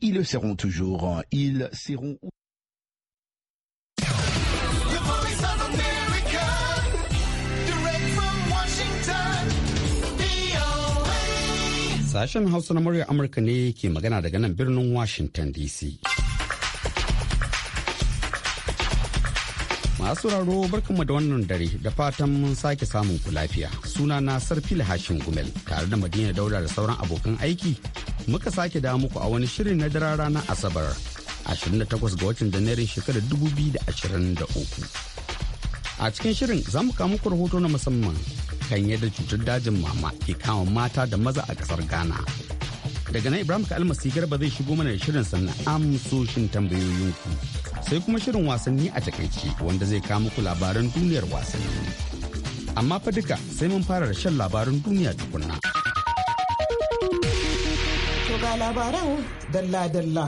Ils le seront toujours. Hein. Ils seront... Sashen Hausa na murya Amurka ne ke magana daga nan birnin Washington DC. Masu raro barkanmu da wannan dare da fatan mun sake samun ku lafiya. Suna na Sarfil Hashin Gumel tare da Madina Daula da sauran abokan aiki muka sake da muku a wani shirin na daren rana Asabar 28 ga watan Janairun shekarar 2023. A cikin shirin za mu kawo muku rahoto na musamman kan yadda cutar dajin mama ke kama mata da maza a kasar Ghana daga nan ibrahim ka almasi garba zai shigo mana da shirin sannan amsoshin tambayoyinku sai kuma shirin wasanni a takaice wanda zai kawo ku labaran duniyar wasanni amma fa duka sai mun fara da shan labaran duniya tukunna to ga labaran dalla-dalla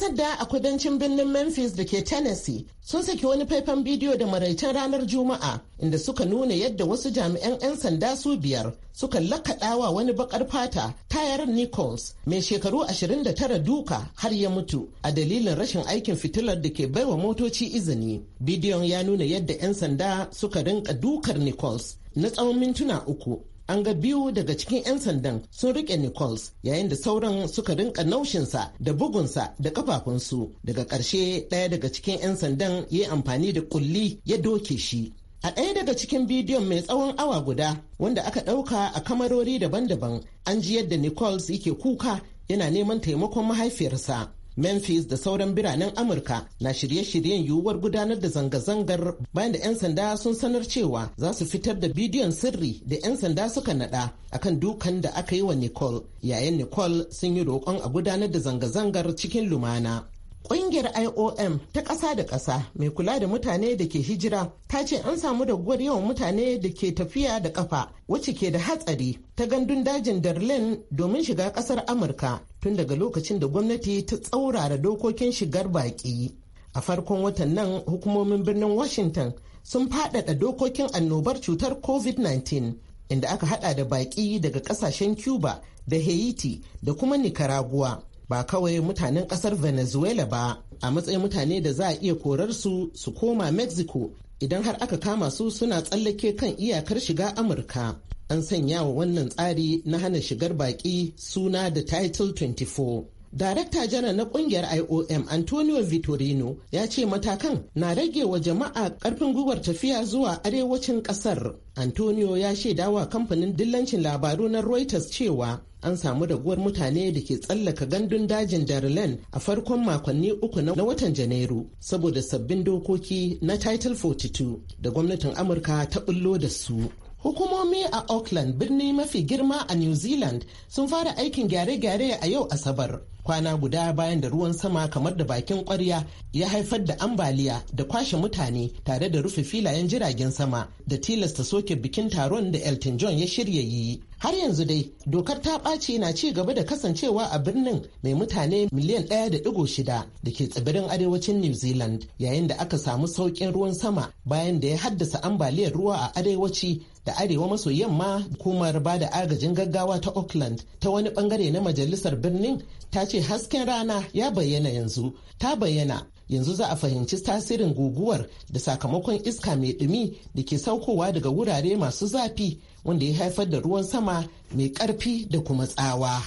'Yan sadda a kudancin birnin Memphis da ke Tennessee sun saki wani faifan bidiyo da maraicen ranar Juma'a inda suka nuna yadda wasu jami'an 'yan sanda su biyar suka lakaɗawa wani bakar fata tayar Nichols mai shekaru 29 duka har ya mutu a dalilin rashin aikin fitilar da ke baiwa motoci izini. Bidiyon ya nuna yadda 'yan sanda suka rinka dukar Nichols na tsawon mintuna uku. an ga biyu daga cikin 'yan sandan sun rike nichols yayin da sauran suka rinka naushinsa da bugunsa da kafafunsu daga ƙarshe ɗaya daga cikin 'yan sandan ya yi amfani da kulli ya doke shi A ɗaya daga cikin bidiyon mai tsawon awa guda wanda aka ɗauka a kamarori daban-daban an ji yadda Nichols yake kuka yana neman taimakon mahaifiyarsa. Memphis da sauran biranen Amurka na shirye-shiryen yiwuwar gudanar da zanga-zangar bayan da 'yan sanda sun sanar cewa za su fitar da bidiyon sirri da 'yan sanda suka nada akan dukan da aka yi wa Nicole. Yayin Nicole sun yi roƙon a gudanar da zanga-zangar cikin lumana. Ƙungiyar IOM ta ƙasa da ƙasa mai kula da mutane da ke hijira ta ce an samu daguwar yawan mutane da ke tafiya da ƙafa wacce ke da hatsari ta gandun dajin Darlin domin shiga ƙasar Amurka tun daga lokacin da gwamnati ta tsaurara dokokin shigar baƙi. A farkon watan nan hukumomin birnin Washington sun faɗaɗa dokokin annobar cutar COVID-19 inda aka haɗa da baƙi daga ƙasashen Cuba da Haiti da kuma Nicaragua. ba kawai mutanen kasar venezuela ba a matsayin mutane da za a iya korar su su koma mexico idan har aka kama su suna tsallake kan iyakar shiga amurka an sanya wa wannan tsari na hana shigar baki suna da title 24 Darakta janar na kungiyar IOM Antonio Vitorino ya ce matakan na rage wa jama'a karfin gwiwar tafiya zuwa arewacin kasar. Antonio ya shaidawa kamfanin dillancin labaru na Reuters cewa an samu raguwar mutane da ke tsallaka gandun dajin Darlan a farkon makonni uku na watan Janairu saboda sabbin dokoki na Title 42 da gwamnatin Amurka ta bullo da su. Hukumomi a Auckland birni mafi girma a New Zealand sun fara aikin gyare-gyare a yau Asabar. Kwana guda bayan da ruwan sama kamar da bakin kwarya ya haifar da ambaliya da kwashe mutane tare da rufe filayen jiragen sama da tilasta soke bikin taron da Elton John ya shirya yi. Har yanzu dai dokar ta ɓaci na ci gaba da kasancewa a birnin mai mutane miliyan ɗaya da ɗigo shida da ke tsibirin arewacin New Zealand yayin da aka samu sauƙin ruwan sama bayan da ya haddasa ambaliyar ruwa a arewaci da arewa maso yamma hukumar ba da agajin gaggawa ta auckland ta wani bangare na majalisar birnin ta ce hasken rana ya bayyana yanzu ta bayyana yanzu za a fahimci tasirin guguwar da sakamakon iska mai dumi da ke saukowa daga wurare masu zafi wanda ya haifar da ruwan sama mai karfi da kuma tsawa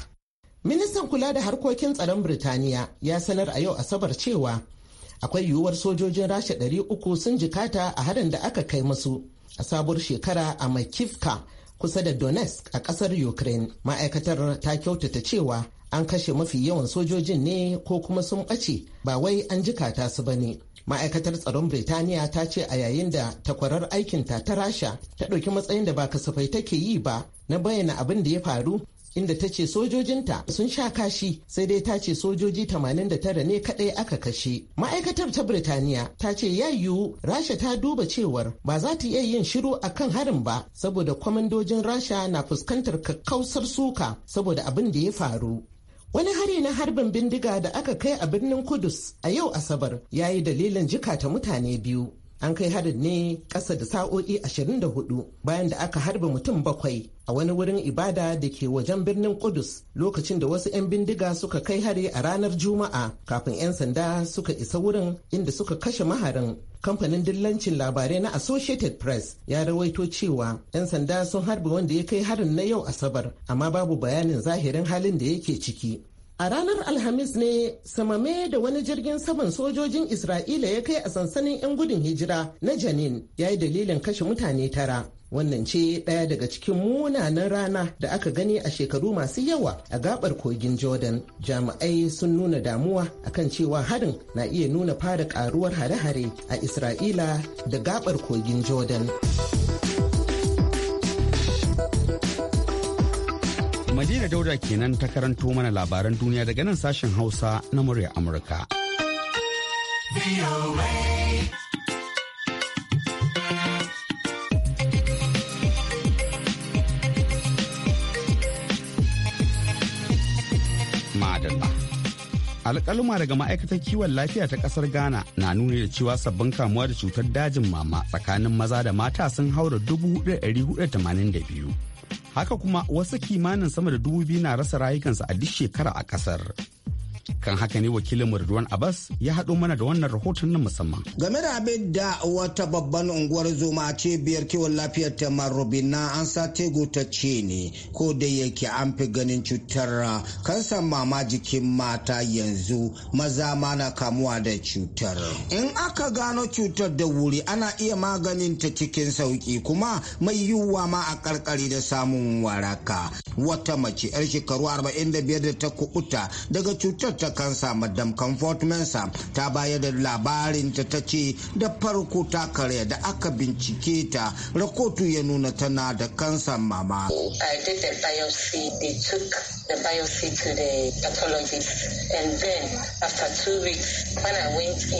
ministan kula da harkokin tsaron birtaniya ya sanar a yau asabar cewa akwai yiwuwar sojojin rasha 300 sun jikata a harin da aka kai masu a sabuwar shekara a Makivka kusa da Donetsk a kasar Ukraine. Ma'aikatar ta kyautata cewa an kashe mafi yawan sojojin ne ko kuma sun ɓace ba wai an jikata su ba ne. ma'aikatar tsaron Birtaniya ta ce a yayin da takwarar aikinta ta rasha ta ɗauki matsayin da ba kasafai take yi ba na bayyana abin da ya faru inda ta ce sojojinta sun sha kashi sai dai ta ce sojoji 89 ne kadai aka kashe. Ma'aikatar ta Birtaniya ta ce ya yiwu Rasha ta duba cewar ba za ta iya yin shiru a kan harin ba saboda kwamandojin Rasha na fuskantar kakkausar suka saboda abin da ya faru. Wani hari na harbin bindiga da aka kai a birnin Kudus a yau Asabar ya yi dalilin ta mutane biyu. an kai harin ne ƙasa da sa'o'i 24 bayan da aka harba mutum bakwai a wani wurin ibada da ke wajen birnin kudus lokacin da wasu 'yan bindiga suka kai hari a ranar juma'a kafin 'yan sanda suka isa wurin inda suka kashe maharin kamfanin dillancin labarai na associated press ya rawaito cewa 'yan sanda sun harba wanda ya kai harin na yau asabar amma babu bayanin zahirin halin da yake ciki A ranar Alhamis ne samame da wani jirgin saman sojojin Isra'ila ya kai a sansanin 'yan gudun hijira na Janin ya yi dalilin kashe mutane tara. Wannan ce ɗaya daga cikin munanan rana da aka gani a shekaru masu yawa a gabar kogin Jordan. Jami'ai sun nuna damuwa akan cewa harin na iya nuna fara karuwar hare-hare a Isra'ila da gabar kogin Jordan. Madina Dauda kenan ta karanto mana labaran duniya daga nan sashen Hausa na murya Amurka. alƙaluma daga ma'aikatar kiwon lafiya ta ƙasar ghana na nuni da cewa sabbin kamuwa da cutar dajin mama tsakanin maza da mata sun haura biyu. haka kuma wasu kimanin sama da dubu biyu na rasa rayukansu a duk shekara a kasar kan haka ne wakilin Ridwan Abbas ya haɗo mana da wannan rahoton na musamman. Game da abin da wata babban unguwar zoma ce biyar kiwon lafiyar ta marubina an sa tego ta ce ne ko da yake an fi ganin cutar kansan mama jikin mata yanzu maza mana kamuwa da cutar. In aka gano cutar da wuri ana iya maganin ta cikin sauki kuma mai yiwuwa ma a karkare da samun waraka. Wata mace 'yar shekaru 45 da ta kubuta daga cutar ta kansa madam comfort mensa ta bayar da labarin ta ta ce da farko ta karya da aka bincike ta rakotu ya nuna tana da kansa mama the biopsy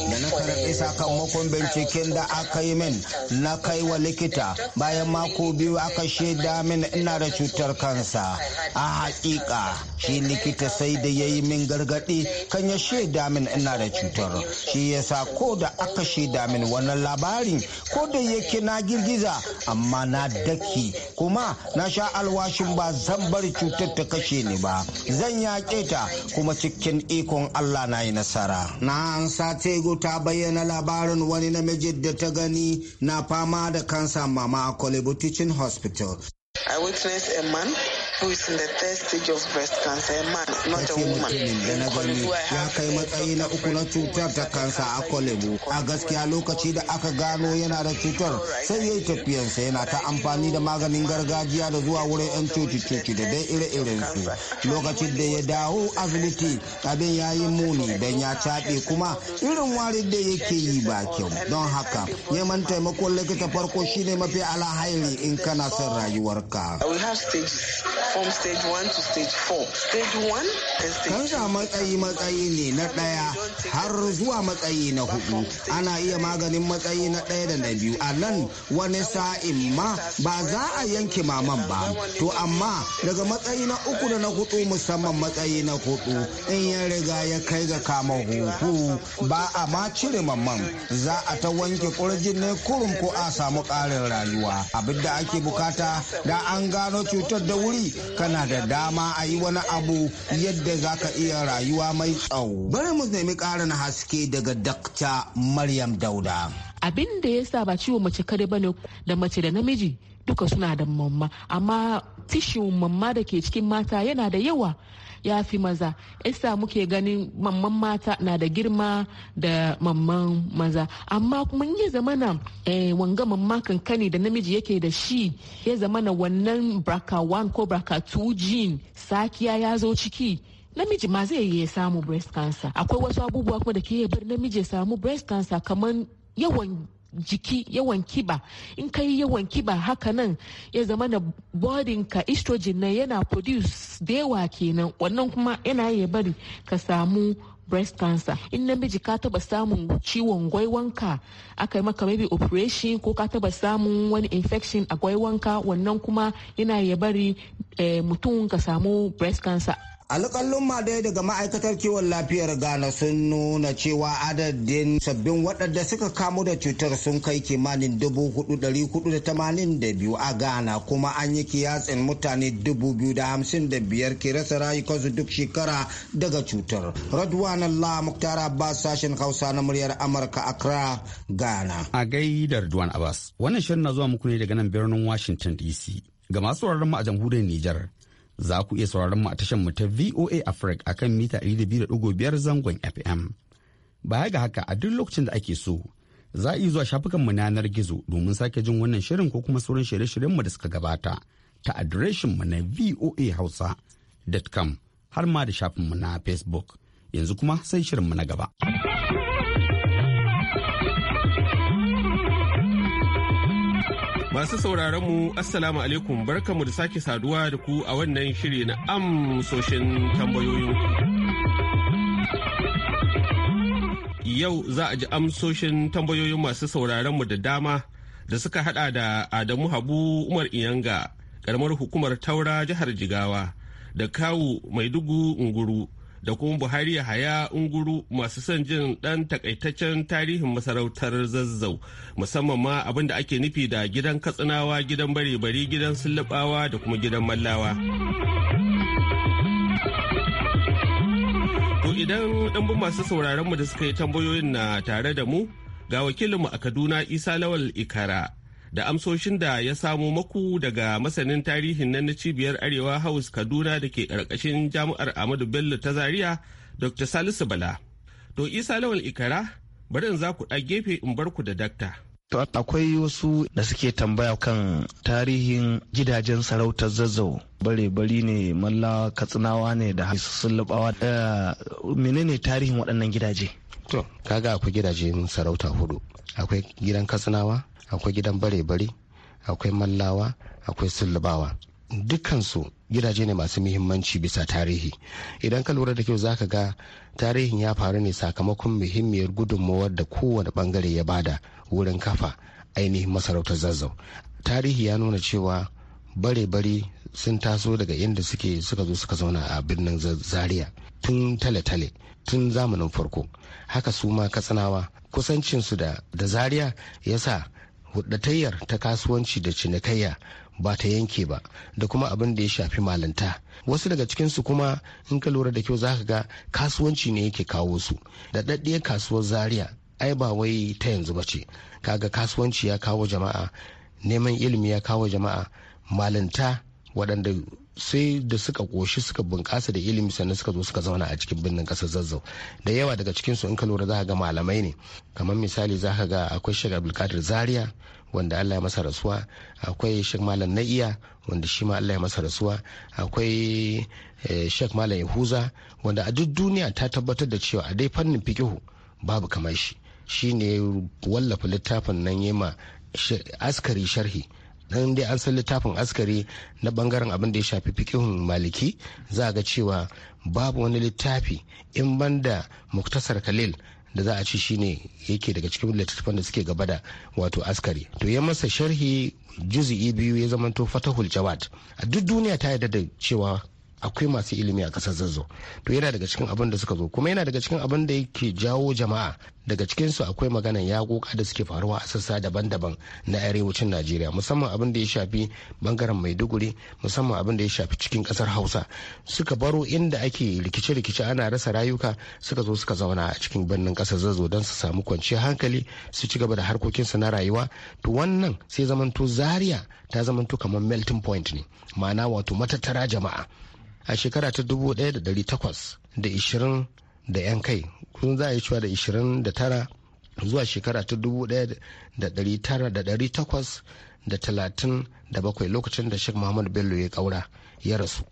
da na karɓi sakamakon binciken da aka yi min na kai wa likita bayan mako biyu aka shaida min ina da cutar kansa a haƙiƙa shi likita sai da ya yi min gargaɗi kan ya shaida min ina da cutar shi yasa ko da aka shaida min wannan labarin ko da yake na girgiza amma na daki kuma na sha alwashin ba zan bar cutar ta kashe ni ba zan yaƙe ta kuma cikin ikon Allah na yi nasara na an satego ta bayyana labarin wani namiji da ta gani na fama da kansa mama a Collebo Hospital I witnessed a man who is in the third stage of breast cancer, a man, not a woman. Ya kai matsayi na uku na cutar ta kansa a Kolebu. A gaskiya lokaci da aka gano yana da cutar sai yayi yi tafiyansa yana ta amfani da maganin gargajiya da zuwa wurin 'yan cuci-cuci da dai ire-iren su. Lokacin da ya dawo asibiti abin ya yi muni don ya caɓe kuma irin warin da yake yi ba kyau. Don haka neman taimakon likita farko shine mafi alhairi in kana son rayuwarka. from stage 1 to stage 4. Stage 1 and stage 2. matsayi matsayi ne na ɗaya har zuwa matsayi na hudu. Ana iya maganin matsayi na ɗaya da na biyu. A nan wani sa'in ma ba za a yanke maman ba. To amma daga matsayi na uku da na hudu musamman matsayi na hudu in ya riga ya kai ga kama huhu ba a ma cire maman za a ta wanke kurjin ne kurum ko a samu ƙarin rayuwa. Abin da ake bukata da an gano cutar da wuri kana da dama a yi wani abu yadda za ka iya rayuwa mai tsawo bari mu nemi ƙarin haske daga dakta maryam dauda abin da ya sa ba ciwon mace kare bane da mace da namiji duka suna da mamma amma tishin mamma da ke cikin mata yana da yawa ya fi maza isa muke ganin mamman mata na da girma da mamman maza amma kuma ya zamana eh, wanga mamma kankani da namiji yake da shi ya zamana wannan braka 1 ko braka 2 gene sakiya ya zo ciki namiji ma zai iya samu breast cancer akwai wasu abubuwa kuma da ke bar namiji ya samu breast cancer kamar yawan jiki yawan kiba in ka yi yawan kiba haka nan ya zama na ka estrogen na yana produce da yawa kenan wannan kuma yana ya bari ka samu breast cancer in namiji ka taba samun ciwon gwaiwanka aka yi maka maybe operation ko ka taba samun wani infection a gwaiwanka wannan kuma yana ya bari eh, mutum ka samu breast cancer alƙallon ma dai daga ma'aikatar kiwon lafiyar ghana sun nuna cewa adadin sabbin waɗanda suka kamu da cutar sun kai kimanin biyu a ghana kuma an yi kiyasin mutane biyar ke rasa rayukansu duk shekara daga cutar radwan allah muktar abbas sashen hausa na muryar amurka accra ghana a gaidar duwan abbas wannan shirin na zuwa muku ne daga nan birnin washington dc ga masu sauraron mu a jamhuriyar nijar Za ku iya sauraron mu a tashar mu ta VOA Africa akan mita 102.5 zangon FM. Baya ga haka a duk lokacin da ake so za a iya zuwa shafukan mu na yanar gizo domin sake jin wannan shirin ko kuma sauran shirye-shiryen mu da suka gabata ta adireshin mu na voahausa.com har ma da shafin mu na Facebook. Yanzu kuma sai shirin mu na gaba. Masu sauraron mu Assalamu alaikum barkamu da sake saduwa da ku a wannan shiri na amsoshin tambayoyin. Yau za a ji amsoshin tambayoyin masu sauraron mu da dama da suka hada da Adamu Habu Umar Iyanga, karamar hukumar Taura jihar Jigawa, da Kawu Maiduguri Nguru, da kuma buhari haya unguru masu son jin ɗan takaitaccen tarihin masarautar zazzau musamman ma abin da ake nufi da gidan katsinawa gidan bare-bari gidan sullubawa da kuma gidan mallawa to idan ɗan masu sauraron mu da suka yi tambayoyin na tare da mu ga wakilinmu a kaduna isa lawal ikara da amsoshin da ya samo maku daga masanin tarihin nan na cibiyar arewa haus kaduna da ke ƙarƙashin jami'ar amadu bello ta zaria dr salisu bala to isa lawal ikara barin za ku ɗa gefe in bar ku da dakta akwai wasu da suke tambaya kan tarihin gidajen sarautar zazzau bare-bari ne malla katsinawa ne da sulubawa da menene tarihin waɗannan gidaje to kaga akwai gidajen sarauta hudu akwai gidan katsinawa akwai gidan bare-bare akwai mallawa akwai sullubawa dukansu gidaje ne masu muhimmanci bisa tarihi idan ka lura da kyau zaka ga tarihin ya faru ne sakamakon muhimmiyar gudunmawar da kowane bangare ya bada wurin kafa ainihin masarautar zazzau tarihi ya nuna cewa bare-bare sun taso daga inda suke suka zo suka zauna a birnin zaria tun tale-tale tun zamanin farko haka su ma katsinawa kusancinsu da zaria ya sa hudatayyar ta kasuwanci da cinikayya ba ta yanke ba da kuma abin da ya shafi malanta wasu daga cikinsu kuma in ka lura da kyau za ka ga kasuwanci ne yake kawo su da daddiyar kasuwar zaria ai ba wai ta yanzu ba ce kaga kasuwanci ya kawo jama'a neman ilimi ya kawo jama'a malanta waɗanda sai da suka koshi suka bunkasa da ilimi sannan suka zo suka zauna a cikin birnin kasar zazzau da yawa daga cikin su in ka lura za ka ga malamai ne kamar misali za ka ga akwai shek abdulkadir zaria wanda allah ya masa rasuwa akwai shek malam na'iya wanda shi ma allah ya masa rasuwa akwai eh, shek malam yahuza wanda a duk duniya ta tabbatar da cewa a dai fannin fikihu babu kamar shi shi ne wallafa littafin nan yema askari sharhi dan dai an san littafin askari na bangaren abin da ya shafi fikihun maliki za ga cewa babu wani littafi in banda muktasar khalil da za a ci shine yake daga cikin littattafan da suke gaba da wato askari to ya masa sharhi juzi biyu ya zamanto fatahul jawad a duk duniya ta yarda da cewa akwai masu ilimi a kasar zazzau to yana daga cikin abin da suka zo kuma yana daga cikin abin da yake jawo jama'a daga cikinsu akwai maganan yakoka da suke faruwa a sassa daban-daban na arewacin najeriya musamman abin da ya shafi bangaren maiduguri musamman abin da ya shafi cikin kasar hausa suka baro inda ake rikice-rikice ana rasa rayuka suka zo suka zauna a cikin birnin kasar zazzau don su samu kwanciyar hankali su ci gaba da harkokinsu na rayuwa to wannan sai zamanto zaria ta zamanto kamar melting point ne ma'ana wato matattara jama'a a shekara ta 1820 da 'yan kai kun za a yi cewa da 29 zuwa shekara ta bakwai lokacin da Sheikh Muhammad Bello ya kaura ya rasu.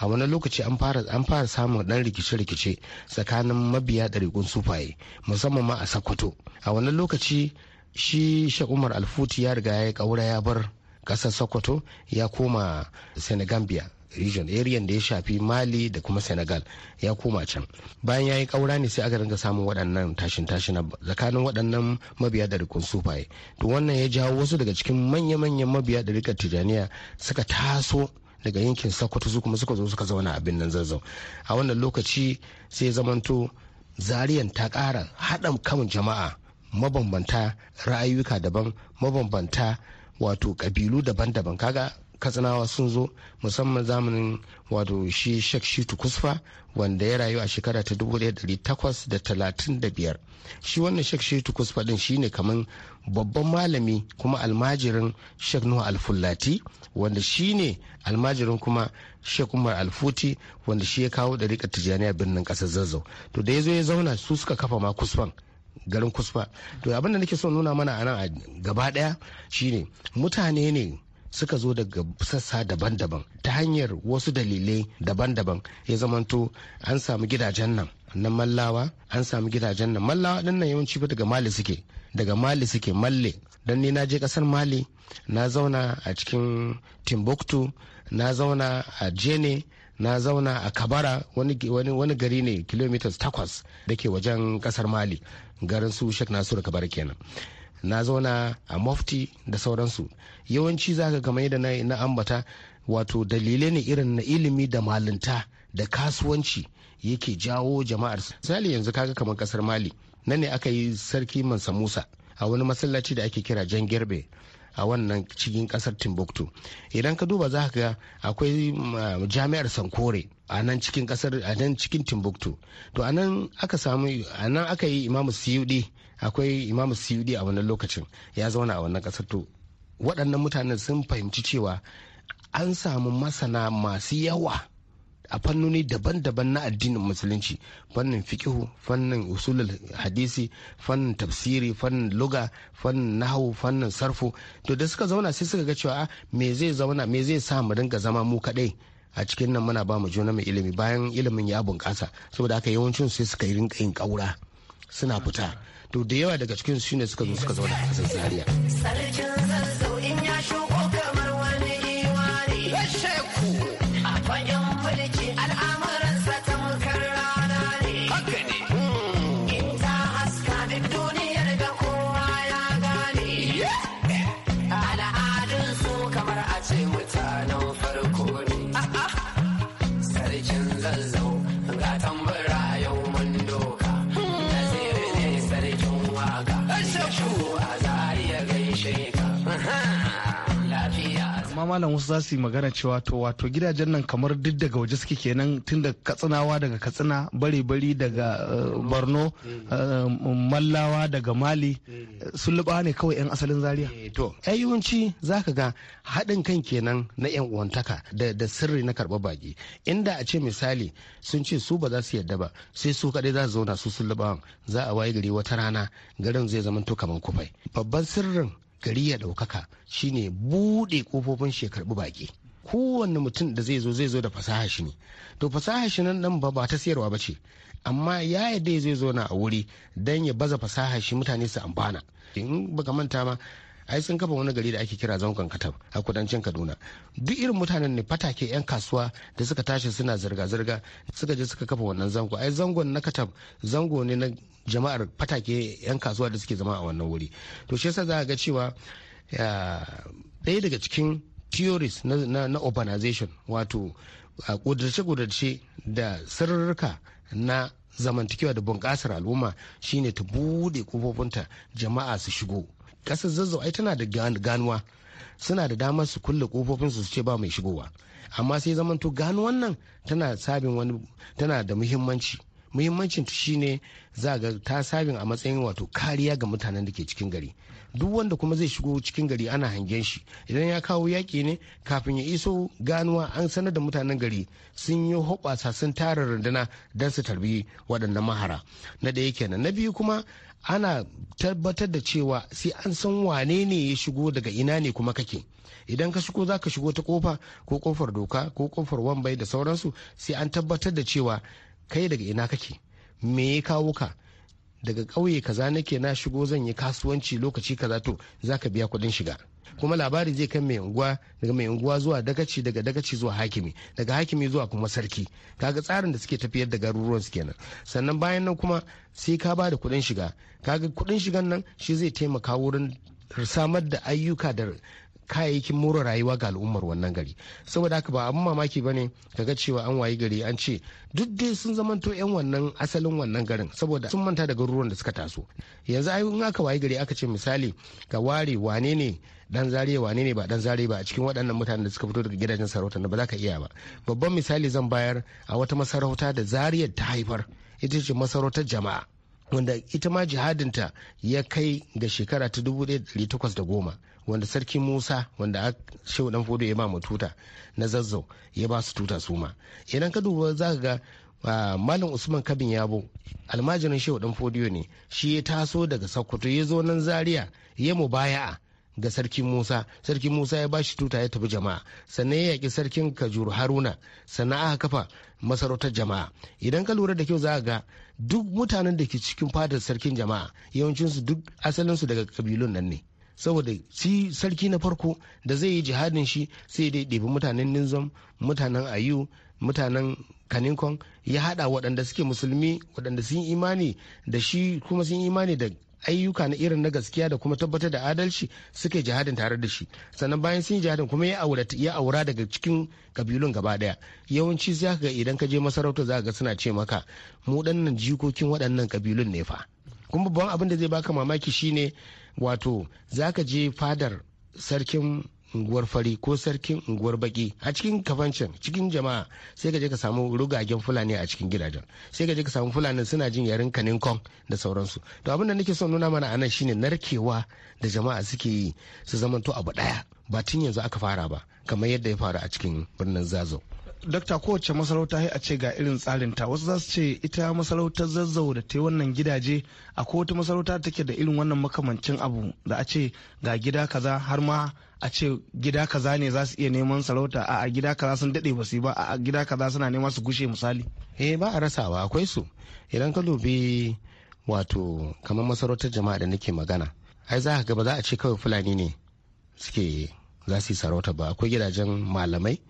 a wani lokaci an fara samun dan rikice-rikice tsakanin mabiya ɗarigun sufaye musamman ma a sakkwato a wani lokaci shi shek umar alfuti ya riga ya kaura ya bar ƙasar sokoto ya koma senegambia region area da ya shafi mali da kuma senegal ya koma can bayan ya yi kaura ne sai aka ringa samun waɗannan tashin tashin tsakanin waɗannan mabiya da rikon sufaye to wannan ya jawo wasu daga cikin manya-manyan mabiya da rikon tijaniya suka taso daga yankin sokoto su kuma suka zo suka zauna a birnin zazzau a wannan lokaci sai zamanto zariyan ta ƙara haɗa kan jama'a mabambanta ra'ayuka daban mabambanta wato ƙabilu daban-daban kaga katsinawa sun zo musamman zamanin wato shi shakshitu kusfa wanda ya rayu a shekara ta da talatin 1835 shi wannan shakshitu kusfa din shi ne kamar babban malami kuma almajirin shek nuhu alfullati wanda shi ne almajirin kuma shek umar alfuti wanda shi ya kawo ɗariƙar tijjaniya birnin ƙasar zazzau to da ya zo ya zauna su suka kafa ma kusfan garin kusfa to abin da nake so nuna mana a nan a gaba ɗaya shine mutane ne suka zo daga sassa daban-daban ta hanyar wasu dalilai daban-daban ya zamanto an samu gidajen nan na mallawa an samu gidajen nan mallawa ɗin nan yawanci daga mali suke daga mali suke malle don ni na je kasar mali na zauna a cikin timbuktu na zauna a jene na zauna a kabara wani, gari ne kilomitas takwas da ke wajen kasar mali garin su shek nasiru kabara kenan na zauna a mufti da sauransu yawanci zaka kamar da na ambata wato dalilai ne irin na ilimi da malinta da kasuwanci yake jawo jama'ar misali yanzu kaga kamar kasar mali nan ne aka yi sarki mansa musa a wani masallaci da ake kira jan gerbe a wannan cikin kasar timbuktu idan ka duba za ga akwai ah, jami'ar sankore a nan cikin kasar a nan cikin timbuktu to a nan aka samu a aka yi imamu siyudi akwai imamu siyudi a wannan lokacin ya zauna a wannan kasar to waɗannan mutane sun fahimci cewa an samu masana masu yawa a fannoni daban-daban na addinin musulunci fannin fikihu fannin usulul hadisi fannin tafsiri fannin luga fannin nahu fannin sarfu to da suka zauna sai suka ga cewa ah, me zai zauna me zai sa mu dinga zama mu kadai a cikin nan muna ba mu juna mai ilimi bayan ilimin ya bunƙasa saboda haka yawancin sai suka rinka yin ƙaura suna fita to da yawa daga cikin su ne suka zo suka zauna a ƙasar zaria amma malam wasu za su yi magana cewa to wato gidajen nan kamar duk daga waje suke kenan tun da katsinawa daga katsina bare bari daga eh, borno eh, mallawa daga mali eh, sun luba ne kawai yan asalin zaria to ayyuwanci za ka ga haɗin kan kenan na yan uwantaka da sirri na karɓar baki inda a ce misali sun ce su ba za su yadda ba sai su kaɗai za su zauna su sun luba za a waye gari wata rana garin zai zama to kamar kufai babban sirrin gari ya ɗaukaka shine buɗe ƙofofin shi ya karɓi baƙi kowanne mutum da zai zo zai zo da fasaha shi ne to fasaha shi nan nan ba ta sayarwa ba ce amma ya yadda zai zo na a wuri don ya baza fasaha shi mutane su amfana in baka manta ma ai sun kafa wani gari da ake kira zangon katab a kudancin kaduna duk irin mutanen ne fatake yan kasuwa da suka tashi suna zirga-zirga suka je suka kafa wannan zango ai zangon na katab zango ne na jama'ar fatake yan kasuwa da suke zama a wannan wuri to shi yasa za ga cewa ɗaya daga cikin theories na, urbanization wato a kudurce da sirrika na zamantakewa da bunƙasar al'umma shine ta buɗe kofofinta jama'a su shigo kasar zazzau ai tana da ganuwa suna da damar su kulle kofofin su ce ba mai shigowa amma sai zamanto ganuwan nan tana sabin wani tana da muhimmanci muhimmancin ta shine za ga ta sabin a matsayin wato kariya ga mutanen da ke cikin gari duk wanda kuma zai shigo cikin gari ana hangen shi idan ya kawo yaƙi ne kafin ya iso ganuwa an sanar da mutanen gari sun yi hoɓasa sun tara runduna don su tarbi waɗannan mahara na ɗaya kenan na biyu kuma ana tabbatar da cewa sai an san wane ne ya shigo daga ina ne kuma kake idan ka shigo za ka shigo ta kofa ko kofar doka ko kofar wambai da sauransu sai an tabbatar da cewa kai daga ina kake me ya kawo ka daga ƙauye kaza nake na shigo zan yi kasuwanci lokaci kaza to zaka biya kuɗin shiga kuma labari zai kai mai unguwa daga mai unguwa zuwa dagaci daga dagaci zuwa hakimi daga hakimi zuwa kuma sarki kaga tsarin da suke tafiyar da garuruwan su kenan sannan bayan nan kuma sai ka ba da kuɗin shiga kaga kuɗin shigan nan shi zai taimaka wurin samar da ayyuka da kayayyakin more rayuwa ga al'ummar wannan gari saboda haka ba abin mamaki bane kaga cewa an wayi gari an ce duk dai sun zamanto yan wannan asalin wannan garin saboda sun manta da garuruwan da suka taso yanzu ai in aka wayi gari aka ce misali ka ware wane ne dan zare wane ne ba dan zariya ba a cikin waɗannan mutanen da suka fito daga gidajen sarauta ba za ka iya ba babban misali zan bayar a wata masarauta da zariya ta haifar ita ce masarautar jama'a wanda ita ma jihadinta ya kai ga shekara ta 1810 wanda sarki musa wanda shehu dan fodo ya ba mu tuta na zazzau ya ba su tuta su ma idan ka duba za ka ga malam usman kabin yabo almajirin shehu dan fodiyo ne shi ya taso daga sokoto ya zo nan zaria ya mu baya ga sarki musa sarki musa ya ba shi tuta ya tafi jama'a sannan ya yaƙi sarkin kajuru haruna sannan aka kafa masarautar jama'a idan ka lura da kyau za ga duk mutanen da ke cikin fadar sarkin jama'a yawancinsu duk asalinsu daga kabilun nan ne saboda si sarki na farko da zai yi jihadin shi sai dai ɗebi mutanen ninzom mutanen ayu mutanen kaninkon ya hada waɗanda suke musulmi waɗanda sun imani da shi kuma sun imani da ayyuka na irin na gaskiya da kuma tabbatar da adalci suke jihadin tare da shi sannan bayan sun yi jihadin kuma ya aura daga cikin kabilun gaba daya yawanci za ka idan ka je masarauta za ga suna ce maka mu ɗannan jikokin waɗannan kabilun ne fa kuma babban abin da zai baka mamaki shine wato za ka je fadar sarkin unguwar fari ko sarkin unguwar baki a cikin kafancin cikin jama'a sai ka je ka samu rugagen fulani a cikin gidajen sai ka je ka samu fulani suna jin yaren kaninkon da sauransu to abin da nake son nuna mana anan shine narkewa da jama'a suke yi su zamanto abu daya ba tun yanzu aka fara ba kamar yadda ya faru a cikin birnin zazo dakta kowace masarauta a ce ga irin tsarin ta wasu za su ce ita masarautar zazzau da ta wannan gidaje a wata masarauta take da irin wannan makamancin abu da a ce ga gida kaza har ma a ce gida kaza ne za su iya neman sarauta a gida kaza sun dade ba su ba a gida kaza suna neman su gushe misali eh ba a rasawa akwai su idan ka dubi wato kamar masarautar jama'a da nake magana ai za ka ga ba za a ce kawai fulani ne suke za su yi sarauta ba akwai gidajen malamai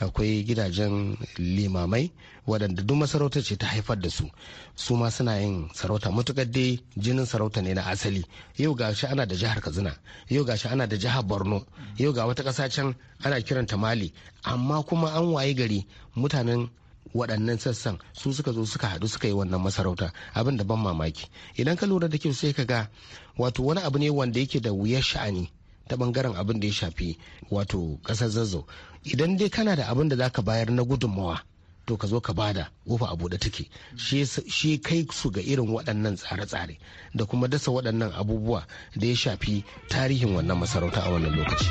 akwai gidajen limamai waɗanda duk masarautar ce ta haifar da su su ma suna yin sarauta matukar dai jinin sarauta ne na asali yau ga shi ana da jihar katsina yau ga shi ana da jihar borno yau ga wata ƙasa can ana kiranta mali amma kuma an waye gari mutanen waɗannan sassan su suka zo suka haɗu suka yi wannan masarauta abin da ban mamaki idan ka lura da kyau sai ka ga wato wani abu ne wanda yake da wuyar sha'ani ta bangaren abin da ya shafi wato ƙasar zazzau idan dai kana da abin da za ka bayar na gudunmawa to ka zo ka bada kofa a buɗe take shi kai su ga irin waɗannan tsare-tsare da kuma dasa waɗannan abubuwa da ya shafi tarihin wannan masarauta a wannan lokaci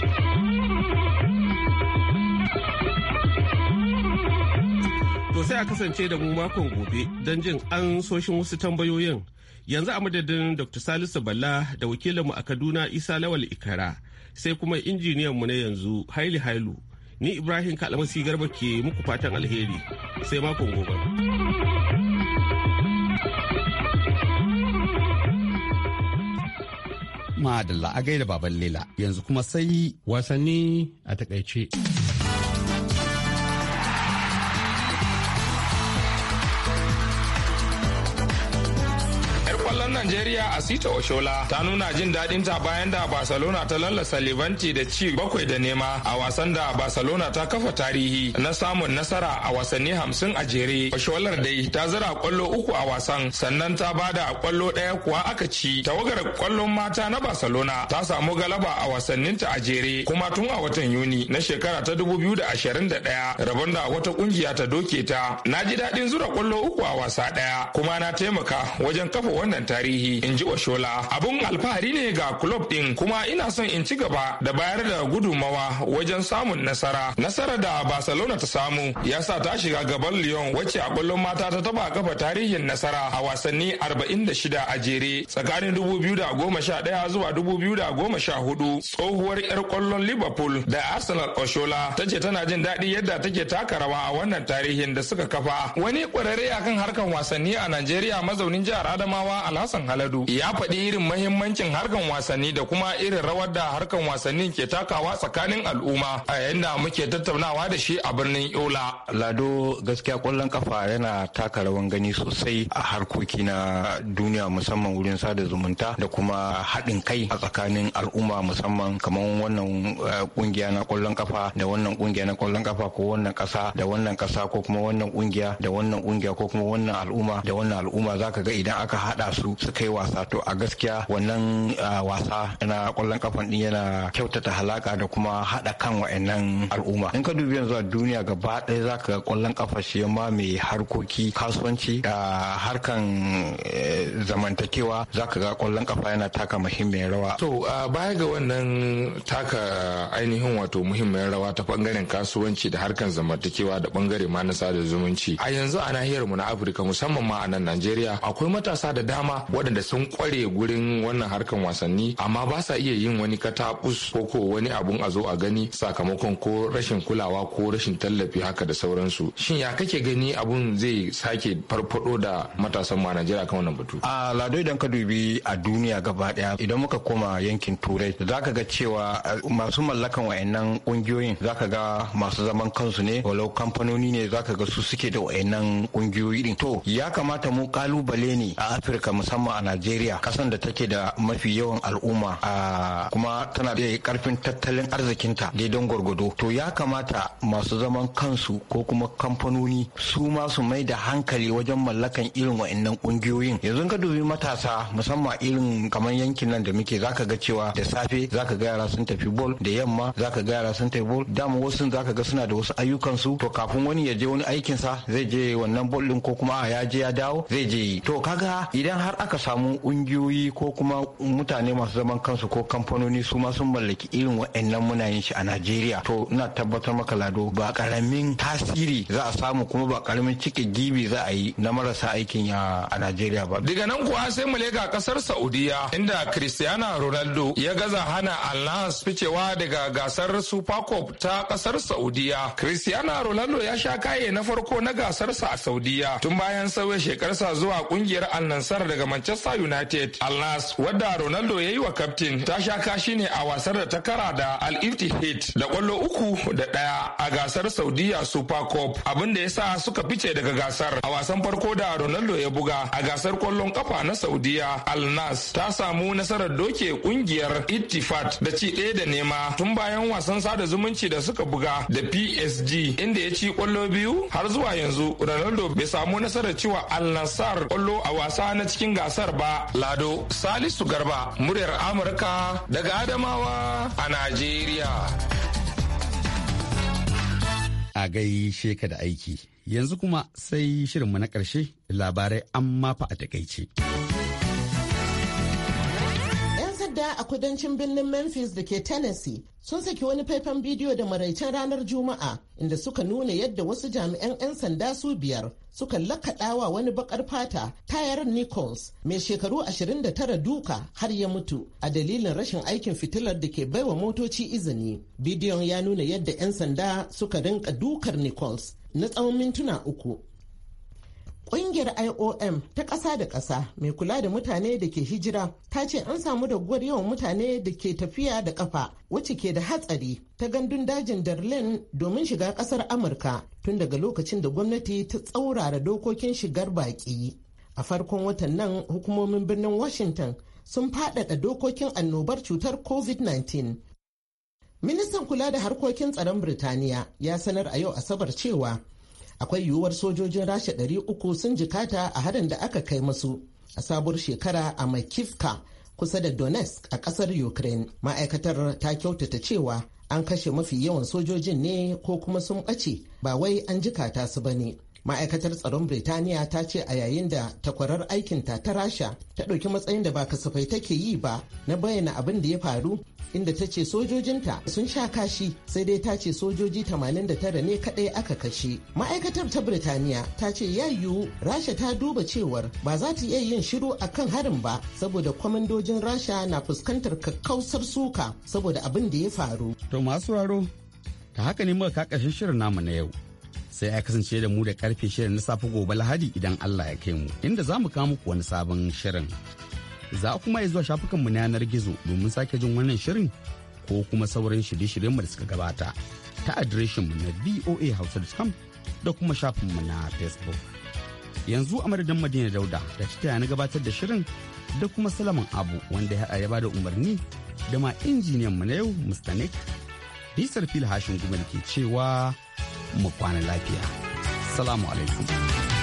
to sai a kasance da mu makon gobe don jin an soshin wasu tambayoyin yanzu a madadin dr salisu balla da wakilinmu a kaduna isa lawal ikara sai kuma injiniyanmu na yanzu haili hailu Ni Ibrahim Kalamasi Garba ke muku fatan alheri sai makon gobe. Madalla a gaida baban Lela yanzu kuma sai wasanni a takaice. Najeriya Asita Oshola ta nuna jin daɗin bayan da Barcelona ta lallasa Levante da ci bakwai da nema a wasan da Barcelona ta kafa tarihi na samun nasara a wasanni hamsin a jere. Osholar dai ta zira kwallo uku a wasan sannan ta bada kwallo ɗaya kuwa aka ci. Tawagar kwallon mata na Barcelona ta samu galaba a wasanninta a jere kuma tun a watan Yuni na shekara ta 2021 rabon da wata kungiya ta doke ta. Na ji daɗin zura kwallo uku a wasa ɗaya kuma na taimaka wajen kafa wannan tarihi. inji Oshola. Abun alfahari ne ga kulob din. kuma ina son in ci gaba da bayar da gudumawa wajen samun nasara. Nasara da Barcelona ta samu ya sa ta shiga gaban Lyon wacce a kwallon mata ta taba kafa tarihin nasara a wasanni 46 a jere tsakanin 2011 zuwa 2014 tsohuwar 'yar kwallon Liverpool da Arsenal Oshola ta ce tana jin daɗi yadda take taka rawa a wannan tarihin da suka kafa. Wani ƙwararre akan harkan wasanni a Najeriya mazaunin jihar Adamawa Alhassan Haladu ya faɗi irin mahimmancin harkan wasanni da kuma irin rawar da harkan wasannin ke takawa tsakanin al'umma a yayin da muke tattaunawa da shi a birnin Yola. Lado gaskiya kwallon kafa yana taka rawan gani sosai a harkoki na duniya musamman wurin sada zumunta da kuma haɗin kai a tsakanin al'umma musamman kamar wannan kungiya eh, na kwallon kafa da wannan kungiya na kwallon kafa ko wannan kasa da wannan kasa ko kuma wannan kungiya da wannan kungiya ko kuma wannan al'umma da wannan al'umma zaka ga idan aka haɗa su su kai wasa wasa to a gaskiya wannan wasa na kwallon kafan din yana kyautata halaka da kuma haɗa kan wa'annan al'umma in ka dubi yanzu a duniya gaba ɗaya za ka kwallon kafa shi ma mai harkoki kasuwanci da harkan e, zamantakewa za ka ga kwallon kafa yana taka muhimmiyar rawa to baya ga wannan taka ainihin wato muhimmiyar rawa ta bangaren kasuwanci da harkan zamantakewa da bangare ma na sada zumunci a yanzu a nahiyar mu na afirka musamman ma a nan najeriya akwai matasa da dama waɗanda sun kware gurin wannan harkan wasanni amma ba sa iya yin wani katakus ko ko wani abun a zo a gani sakamakon ko rashin kulawa ko rashin tallafi haka da sauransu shin ya kake gani abun zai sake farfado da matasan ma Najeriya kan wannan batu a lado idan ka dubi a duniya gaba daya idan muka koma yankin turai za ka ga cewa eh, masu mallakan wayannan kungiyoyin ka ga masu zaman kansu ne walau kamfanoni ne za ka ga su suke da wayannan kungiyoyi din to ya kamata mu kalubale ne a Afirka musamman a Najeriya najeriya kasan da take da mafi yawan al'umma a kuma tana da karfin tattalin arzikinta daidan gwargwado to ya kamata masu zaman kansu ko kuma kamfanoni su ma su mai da hankali wajen mallakan irin wa'annan kungiyoyin yanzu ka dubi matasa musamman irin kamar yankin nan da muke zaka ga cewa da safe zaka ga yara sun tafi bol da yamma zaka ga yara sun tafi bol dama wasu zaka ga suna da wasu ayyukan su to kafin wani ya je wani aikin sa zai je wannan bol din ko kuma ya je ya dawo zai je yi to kaga idan har aka samu kungiyoyi ko kuma mutane masu zaman kansu ko kamfanoni su ma sun mallaki irin wa'annan munayen shi a Najeriya to ina tabbatar maka lado ba karamin tasiri za a samu kuma ba karamin cike gibi za a yi na marasa aikin ya a Najeriya ba daga nan kuwa sai mu leka kasar Saudiya inda Cristiano Ronaldo ya gaza hana Al ficewa daga gasar Super Cup ta kasar Saudiya Cristiano Ronaldo ya sha kaye na farko na gasarsa a Saudiya tun bayan sauya shekarsa zuwa kungiyar Al daga Manchester United united alnas wadda ronaldo ya yi wa kaftin ta sha kashi ne a wasar da ta kara da al ittihad da kwallo uku da daya a gasar saudiya super cup abin ya sa suka fice daga gasar a wasan farko da ronaldo ya buga a gasar kwallon kafa na saudiya al nas ta samu nasarar doke kungiyar ittifat da ci ɗaya da nema tun bayan wasan sada zumunci da suka buga da psg inda ya ci kwallo biyu har zuwa yanzu ronaldo bai samu nasarar cewa al nasar kwallo a wasa na cikin gasar ba Lado Salisu Garba muryar Amurka daga Adamawa a Najeriya. A gai sheka da aiki yanzu kuma sai shirinmu na ƙarshe labarai amma fa a takaice. a kudancin birnin Memphis da ke Tennessee sun saki wani faifan bidiyo da maraicen ranar Juma'a inda suka nuna yadda wasu jami'an 'yan sanda su biyar suka lakaɗawa wani bakar fata tayar Nichols mai shekaru 29 duka har ya mutu a dalilin rashin aikin fitilar da ke baiwa motoci izini. Bidiyon ya nuna yadda 'yan sanda suka rinka dukar Nichols na tsawon mintuna uku. Ƙungiyar IOM ta ƙasa da ƙasa mai kula da mutane da ke hijira ta ce an samu daguwar yawan mutane da ke tafiya da ƙafa wacce ke da hatsari ta gandun dajin Darlin domin shiga ƙasar Amurka tun daga lokacin da gwamnati ta tsaurara dokokin shigar baƙi. A farkon watan nan hukumomin birnin Washington sun faɗaɗa dokokin annobar cutar COVID-19. Ministan kula da harkokin tsaron Birtaniya ya sanar a yau Asabar cewa akwai yiwuwar sojojin rasha 300 sun jikata a harin da aka kai musu a sabuwar shekara a makivka kusa da donetsk a kasar ukraine ma'aikatar ta kyautata cewa an kashe mafi yawan sojojin ne ko kuma sun ɓace ba wai an jikata su ba ne ma'aikatar tsaron birtaniya ta ce a yayin da takwarar aikinta ta rasha ta ɗauki matsayin da ba kasafai take yi ba na bayyana abin da ya faru inda ta ce sojojinta sun sha kashi sai dai ta ce sojoji 89 ne kadai aka kashe ma'aikatar ta birtaniya ta ce ya yiwu rasha ta duba cewar ba za ta iya yin shiru a kan harin ba saboda kwamandojin rasha na fuskantar kakkausar suka saboda abin da ya faru to masu raro ta haka ne muka kakashin shirin namu na yau sai ya kasance da mu da karfe shirin na safe gobe lahadi idan Allah ya kai mu inda za mu kawo muku wani sabon shirin. Za kuma ya zuwa mu na yanar gizo domin sake jin wannan shirin ko kuma sauran shirye-shiryenmu da suka gabata ta mu na voahausa.com da kuma shafinmu na Facebook. Yanzu a madadin Madina Dauda da ta na gabatar da shirin da kuma Salaman Abu wanda ya ya da umarni da ma injiniyan mu na yau Mr. Nick. bisar fil hashin gumar ke cewa mu kwana lafiya salamu alaikum